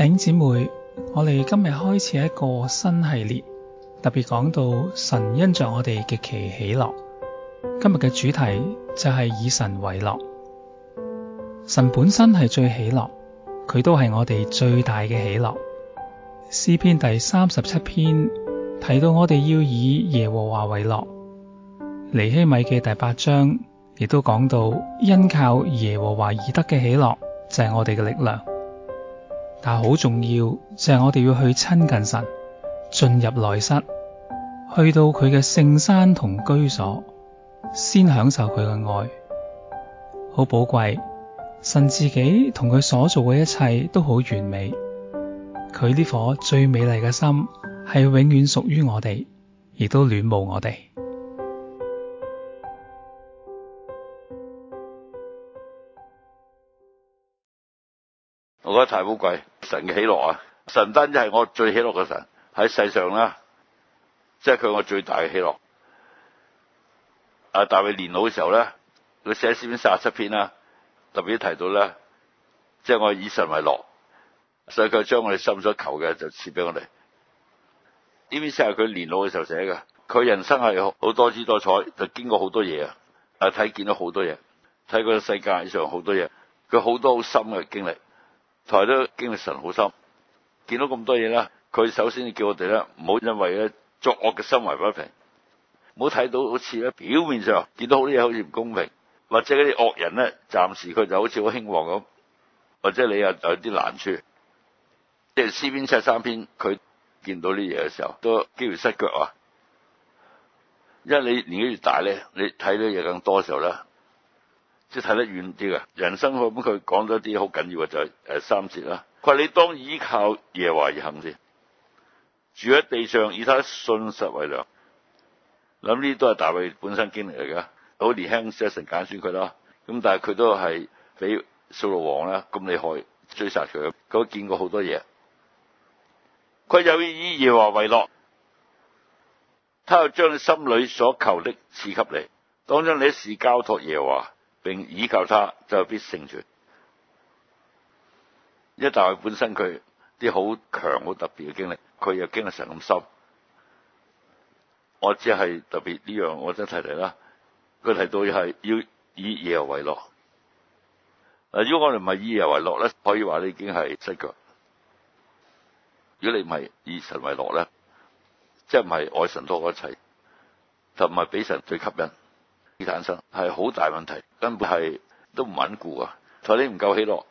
弟兄姐妹，我哋今日開始一個新系列，特別講到神因着我哋極其喜樂。今日嘅主題就係以神為樂。神本身係最喜樂，佢都係我哋最大嘅喜樂。詩篇第三十七篇提到我哋要以耶和華為樂。尼希米嘅第八章亦都講到，因靠耶和華而得嘅喜樂就係、是、我哋嘅力量。但係好重要，就係我哋要去親近神，進入內室，去到佢嘅聖山同居所，先享受佢嘅愛，好寶貴。神自己同佢所做嘅一切都好完美，佢呢顆最美麗嘅心係永遠屬於我哋，亦都戀慕我哋。太寶貴神嘅喜樂啊！神真就係我最喜樂嘅神喺世上啦，即係佢我最大嘅喜樂。阿大衛年老嘅時候咧，佢寫詩篇三十七篇啦，特別提到咧，即係我以神為樂，所以佢將我哋心所求嘅就賜俾我哋。呢篇詩係佢年老嘅時候寫嘅。佢人生係好多姿多彩，就經過好多嘢啊，啊睇見到好多嘢，睇過世界上好多嘢，佢好多好深嘅經歷。台都經歷神好心，見到咁多嘢啦，佢首先要叫我哋咧，唔好因為咧作惡嘅心懷不平，唔好睇到好似咧表面上見到好啲嘢好似唔公平，或者嗰啲惡人咧，暫時佢就好似好興旺咁，或者你又有啲難處，即係詩篇七三篇，佢見到啲嘢嘅時候都幾乎失腳啊！因為你年紀越大咧，你睇到嘢更多嘅時候咧。即係睇得遠啲㗎。人生，咁佢講咗啲好緊要嘅，就係誒三節啦。佢話你當倚靠耶華而行善，住喺地上以他信實為糧。諗呢啲都係大衛本身經歷嚟嘅，好年輕時阿神揀選佢啦。咁但係佢都係俾掃羅王啦。咁厲害追殺佢，佢見過好多嘢。佢又要以耶華為樂，他又將你心裡所求的賜給你，當將你一切交託耶華，並依靠他就必成全。一旦佢本身佢啲好強好特別嘅經歷，佢又經歷成咁深。我只係特別呢樣，這個、我真提提啦。佢提到係要以耶和華為樂。嗱，如果我哋唔係以耶和華為樂咧，可以話你已經係失腳。如果你唔係以神為樂咧，即係唔係愛神多過一切，就唔係俾神最吸引。產生係好大問題，根本係都唔穩固啊！以你唔夠喜樂，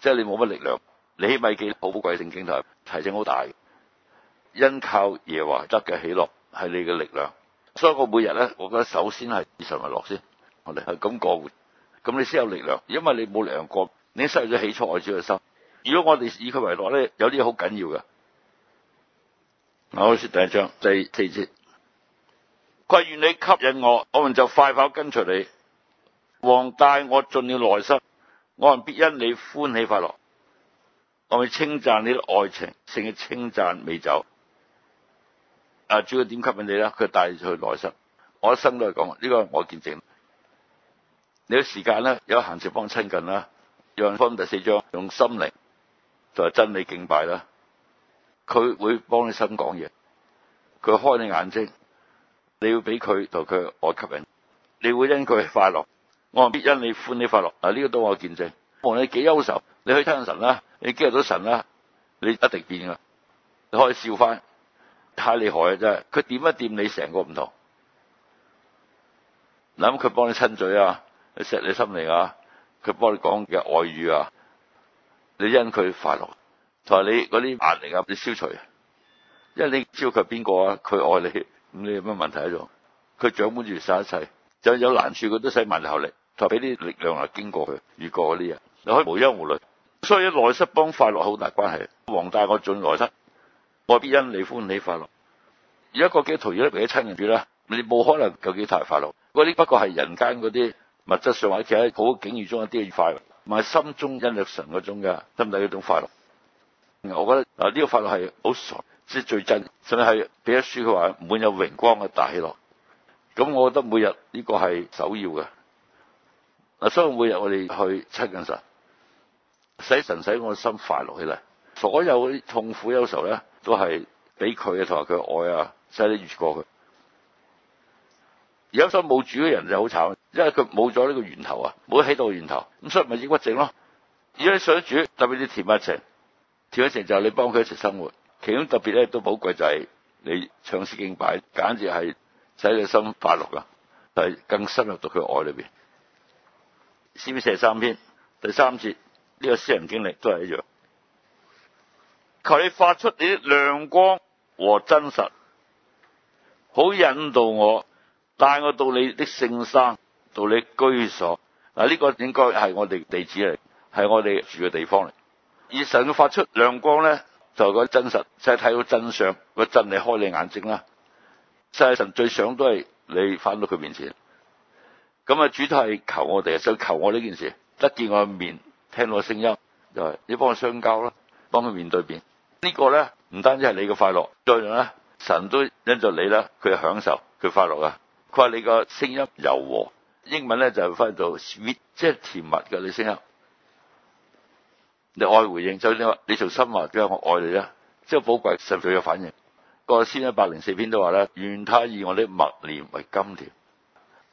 即係你冇乜力量。你起咪記好好鬼聖經台提醒好大，因靠耶華得嘅喜樂係你嘅力量。所以我每日咧，我覺得首先係以神為樂先，我哋係咁過活，咁你先有力量。因為你冇力量過，你失去咗起初愛主嘅心。如果我哋以佢為樂咧，有啲好緊要嘅。我開第一章第四節。求願你吸引我，我們就快跑跟隨你。王帶我進了內室，我們必因你歡喜快樂。我哋稱讚你啲愛情，勝於稱讚美酒。啊，主要點吸引你咧？佢帶你去內室，我一生都係講呢個，我見證。你有時間咧，有閒時幫親近啦。約翰福音第四章，用心靈同埋真理敬拜啦。佢會幫你心講嘢，佢開你眼睛。你要俾佢同佢愛吸引，你會因佢快樂，我哋必因你歡喜快樂。呢、這個都我見證，無論你幾憂愁，你去聽神啦、啊，你接觸到神啦、啊，你一定變噶，你可以笑翻，太厲害啊真係！佢掂一掂你成個唔同，嗱咁佢幫你親嘴啊，錫你，你心靈啊，佢幫你講嘅愛語啊，你因佢快樂，同埋你嗰啲壓力啊，你消除，因為你知佢係邊個啊，佢愛你。你有咩問題咧？佢掌管住晒一切，就有難處佢都使埋後力，同埋俾啲力量嚟經過佢，越過嗰啲嘢，你可以無憂無慮。所以內室幫快樂好大關係。王帶我進內室，我必因你歡喜快樂。而家個基督徒俾你親人住啦，你冇可能求幾大快樂。嗰啲不過係人間嗰啲物質上或者喺好境遇中一啲嘅快樂，唔係心中因着神嗰種㗎，真係一種快樂。我覺得嗱呢個快樂係好傻。即最真，甚至係俾一書佢話滿有榮光嘅大喜樂。咁我覺得每日呢個係首要嘅，所以每日我哋去親緊神，使神使我心快樂起嚟。所有啲痛苦憂愁咧，都係俾佢啊，同埋佢嘅愛啊，使你越過佢。而時候冇主嘅人就好慘，因為佢冇咗呢個源頭啊，冇起到個源頭咁，所以咪抑鬱症咯。而家想主，特別你甜一情，甜一情就係你幫佢一齊生活。其中特別咧都寶貴，就係你唱詩敬拜，簡直係使你心快樂啊！係更深入到佢愛裏邊。詩篇三篇第三節呢個私人經歷都係一樣。求你發出你的亮光和真實，好引導我，帶我到你的聖山，到你居所。嗱，呢個應該係我哋地址嚟，係我哋住嘅地方嚟。以神發出亮光咧。就係講真實，就係、是、睇到真相，個、就是、真理開你眼睛啦！世、就、界、是、神最想都係你返到佢面前，咁啊主都係求我哋，想求我呢件事，得見我面，聽我聲音，就係、是、你幫我相交啦，幫佢面對面。呢、這個咧唔單止係你嘅快樂，再仲咧神都因著你啦，佢享受佢快樂啊！佢話你個聲音柔和，英文咧就翻到 sweet，即係甜蜜嘅你的聲音。你愛回應，就算話你從心話嘅，我愛你啦，真寶貴，受唔受有反應？個先一百零四篇都話咧，願他以我的默念為甘甜。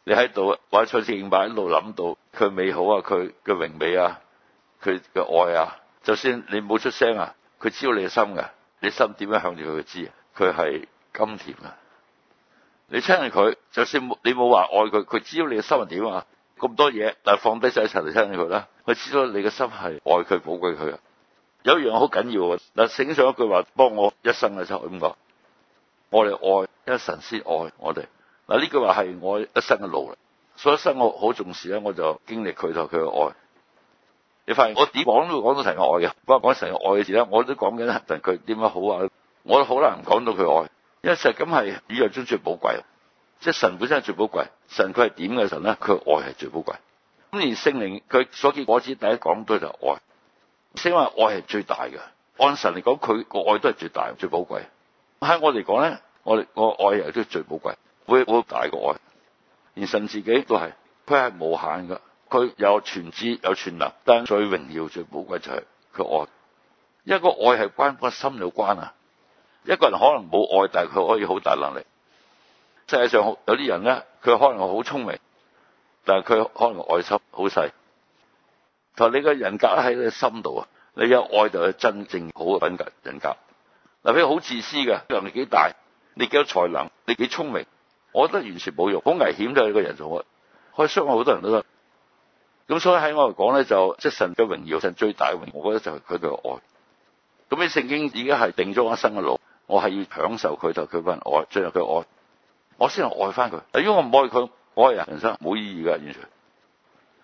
你喺度或者坐住靜拜，一路諗到佢美好啊，佢嘅榮美啊，佢嘅愛啊，就算你冇出聲啊，佢知道你嘅心噶，你心點樣向住佢，佢知啊，佢係甘甜啊。你親近佢，就算你冇話愛佢，佢知道你嘅心係點啊。咁多嘢，但係放低晒一齊嚟親佢啦。佢知道你嘅心係愛佢寶貴佢啊。有一樣好緊要啊！嗱，醒上一句話，幫我一生嘅時候，咁、就、講、是：我哋愛 cl 因為神先愛我哋。嗱呢句話係我一生嘅路嚟，所以一生我好重視咧。我就經歷佢同佢嘅愛。你發現我點講都講到神嘅愛嘅，不過講神嘅愛嘅時咧，我都講緊神佢點樣好啊！我都好難講到佢愛，因為神咁係宇宙中最寶貴。即係神本身係最寶貴，神佢係點嘅神咧？佢愛係最寶貴。咁而聖靈佢所結果子第一講到就係愛，因為愛係最大嘅。按神嚟講，佢個愛都係最大、最寶貴。喺我嚟講咧，我哋我愛亦都係最寶貴，會好大個愛。連神自己都係，佢係無限噶，佢有全知有全能，但最榮耀最寶貴就係佢愛。一個愛係關個心有關啊！一個人可能冇愛，但係佢可以好大能力。世界上有啲人咧，佢可能好聰明，但係佢可能愛心好細。但你個人格喺你心度啊，你有愛就係真正好嘅品格人格。嗱，譬如好自私嘅，能力幾大，你幾有才能，你幾聰明，我覺得完全冇用，好危險嘅一個人就啊，可以傷害好多人都得。咁所以喺我嚟講咧，就即係神嘅榮耀，神最大嘅榮耀，我覺得就係佢嘅愛。咁你聖經已經係定咗一生嘅路，我係要享受佢就佢、是、份愛，進入佢愛。我先係愛翻佢如果我唔愛佢，我愛啊人生冇意義噶完全。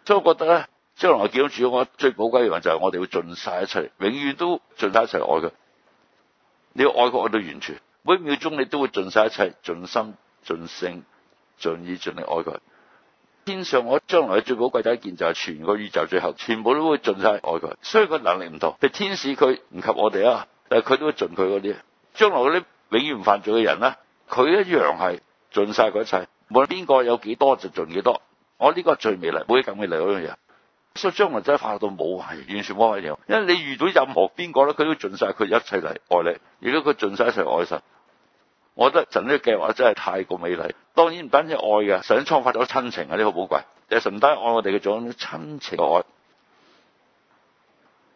所以我覺得咧，將來我見到主我最寶貴嘢，就係我哋會盡晒一切，永遠都盡晒一切愛佢。你要愛佢愛到完全，每秒鐘你都會盡晒一切，盡心盡性盡意盡力愛佢。天上我將來最寶貴第一件就係全個宇宙最後全部都會盡晒愛佢。所以佢能力唔同，譬如天使佢唔及我哋啊，但係佢都會盡佢嗰啲。將來嗰啲永遠唔犯罪嘅人咧，佢一樣係。盡晒佢一切，無論邊個有幾多就盡幾多。我呢個最美麗，冇啲咁嘅嚟嗰樣嘢，所以將來真係化到冇係完全冇一樣，因為你遇到任何邊個咧，佢都盡晒佢一切嚟愛你。如果佢盡晒一切愛神，我覺得神呢個計劃真係太過美麗。當然唔單止愛嘅，神創造咗親情啊，呢個寶貴。即係神不單愛我哋嘅種親情嘅愛，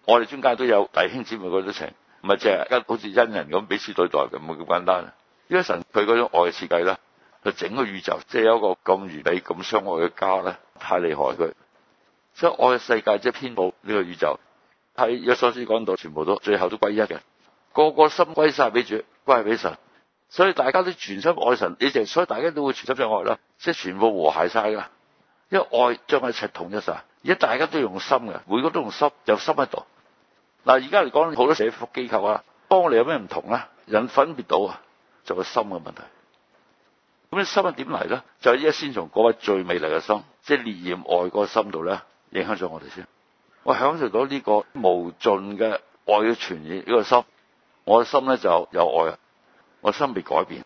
我哋之間都有弟兄姊妹嗰種情，唔係淨係好似恩人咁彼此對待嘅，冇咁簡單。因為神佢嗰種愛嘅設計咧。整個宇宙即係、就是、有一個咁完美、咁相愛嘅家咧，太厲害佢。所以我嘅世界即係遍佈呢個宇宙，係約書亞講到，全部都最後都歸一嘅，個個心歸曬俾主，歸俾神。所以大家都全心愛神，你就所以大家都會全心去愛啦，即、就、係、是、全部和諧晒噶。因為愛將一切統一晒，而家大家都用心嘅，每個都用心，有心喺度。嗱，而家嚟講好多社福機構啊，幫我哋有咩唔同咧？人分別到啊，就係、是、心嘅問題。咁啲心係點嚟咧，就依家先從嗰位最美麗嘅心，即係烈焰愛個心度咧，影響咗我哋先。我享受到呢個無盡嘅愛嘅傳移。呢、這個心，我嘅心咧就有愛啊！我心被改變，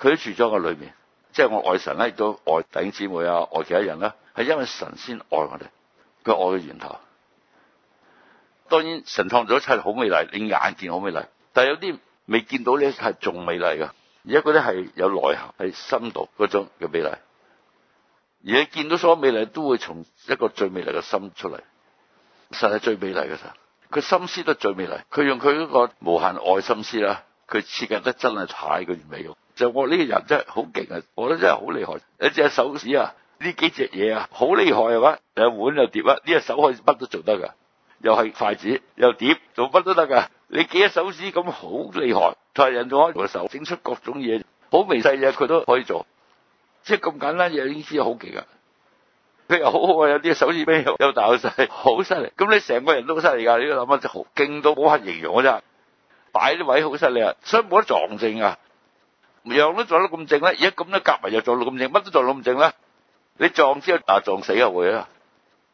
佢都住咗個裏面。即、就、係、是、我愛神咧，都愛弟兄姊妹啊，愛其他人啦。係因為神先愛我哋，佢愛嘅源頭。當然，神創造一切好美麗，你眼見好美麗，但係有啲未見到呢，一切仲美麗噶。而家嗰啲係有內涵，係深度嗰種嘅美麗。而你見到所有美麗，都會從一個最美麗嘅心出嚟，實係最美麗嘅。佢心思都最美麗，佢用佢嗰個無限愛心思啦，佢設計得真係太過完美喎。就我呢個人真係好勁啊！我覺得真係好厲害，一隻手指啊，呢幾隻嘢啊，好厲害係、啊、嘛？又碗又碟啊，呢隻手可以乜都做得㗎，又係筷子又碟，做乜都得㗎。你幾隻手指咁好厲害？佢話人仲可以手整出各種嘢，好微細嘢佢都可以做，即係咁簡單嘢已經知好勁啊！佢又好好啊，有啲手指比又大又細，好犀利。咁你成個人都好犀利㗎，你要諗啊，好勁到冇法形容啊！真係擺啲位好犀利啊，所以冇得撞正啊！樣都撞到咁正咧，而家咁多夾埋又撞到咁正，乜都撞到咁正咧。你撞先啊，撞死啊會啊？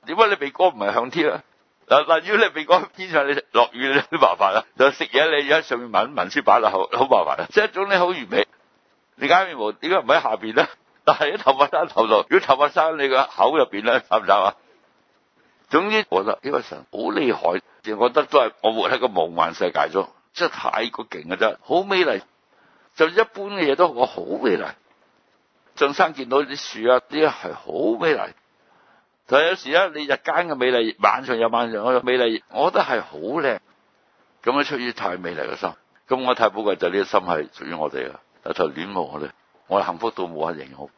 點解你鼻哥唔係向天咧？嗱嗱，但如果你未講天上你落雨你都麻煩啦，就食嘢你而家上面聞聞書擺落口好麻煩啦，即係總之好完美。你解面毛點解唔喺下邊咧？但係喺頭髮生頭度，如果頭髮生你個口入邊咧，得唔得啊？總之，我覺得呢個、哎、神好厲害，我覺得都係我活喺個夢幻世界中，即係太過勁嘅啫，真係好美麗。就一般嘅嘢都我好美麗。上山見到啲樹啊，啲係好美麗。但有時咧，你日間嘅美麗，晚上有晚上嘅美麗，我覺得係好靚，咁樣出於太美麗嘅心，咁我太寶貴就呢、是、個心係屬於我哋嘅，一頭戀慕我哋，我哋幸福到冇人形容。